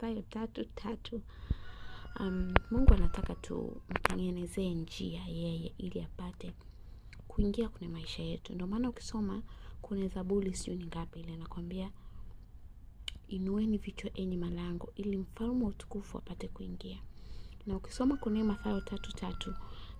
Mstari tatu tatu. Um, Mungu anataka tumtengenezee njia yeye ili apate kuingia kwenye maisha yetu. Ndio maana ukisoma kuna Zaburi sijui ni ngapi ile nakwambia, inueni vichwa enyi malango, ili mfalme wa utukufu apate kuingia. Na ukisoma kwenye Mathayo tatu tatu,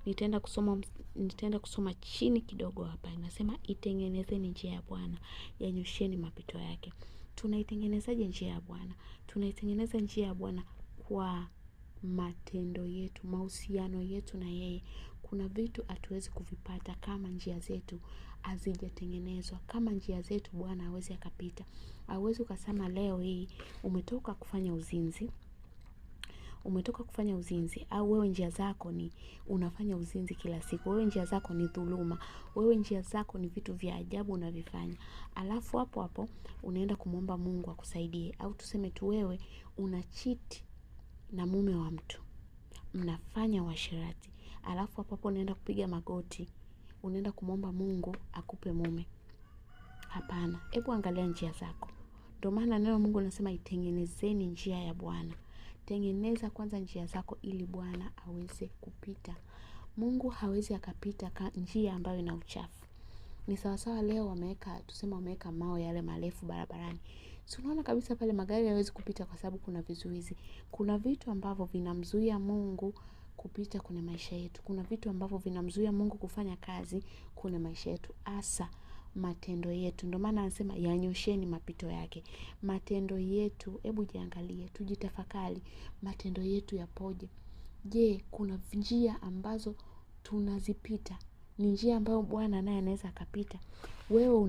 nitaenda kusoma nitaenda kusoma chini kidogo hapa, inasema itengenezeni njia ya Bwana, yanyosheni mapito yake tunaitengenezaje njia ya Bwana? Tunaitengeneza njia ya Bwana kwa matendo yetu, mahusiano yetu na yeye. Kuna vitu hatuwezi kuvipata kama njia zetu hazijatengenezwa, kama njia zetu Bwana hawezi akapita. Hauwezi ukasema leo hii umetoka kufanya uzinzi umetoka kufanya uzinzi au wewe njia zako ni unafanya uzinzi kila siku, wewe njia zako ni dhuluma, wewe njia zako ni vitu vya ajabu unavifanya, alafu hapo hapo unaenda kumwomba Mungu akusaidie, au tuseme tu wewe una chiti na mume wa mtu, mnafanya uasherati, alafu hapo hapo unaenda kupiga magoti, unaenda kumwomba Mungu akupe mume. Hapana, hebu angalia njia zako. Ndio maana neno Mungu anasema itengenezeni njia ya Bwana. Tengeneza kwanza njia zako ili Bwana aweze kupita. Mungu hawezi akapita njia ambayo ina uchafu. Ni sawasawa leo wameweka tuseme, wameweka mawe yale marefu barabarani, si unaona kabisa pale magari hayawezi kupita kwa sababu kuna vizuizi. Kuna vitu ambavyo vinamzuia Mungu kupita kwenye maisha yetu. Kuna vitu ambavyo vinamzuia Mungu kufanya kazi kwenye maisha yetu hasa matendo yetu. Ndio maana anasema yanyosheni mapito yake. Matendo yetu, hebu jiangalie, tujitafakari matendo yetu yapoje. Je, kuna njia ambazo tunazipita? Ni njia ambayo Bwana naye anaweza akapita. Wewe una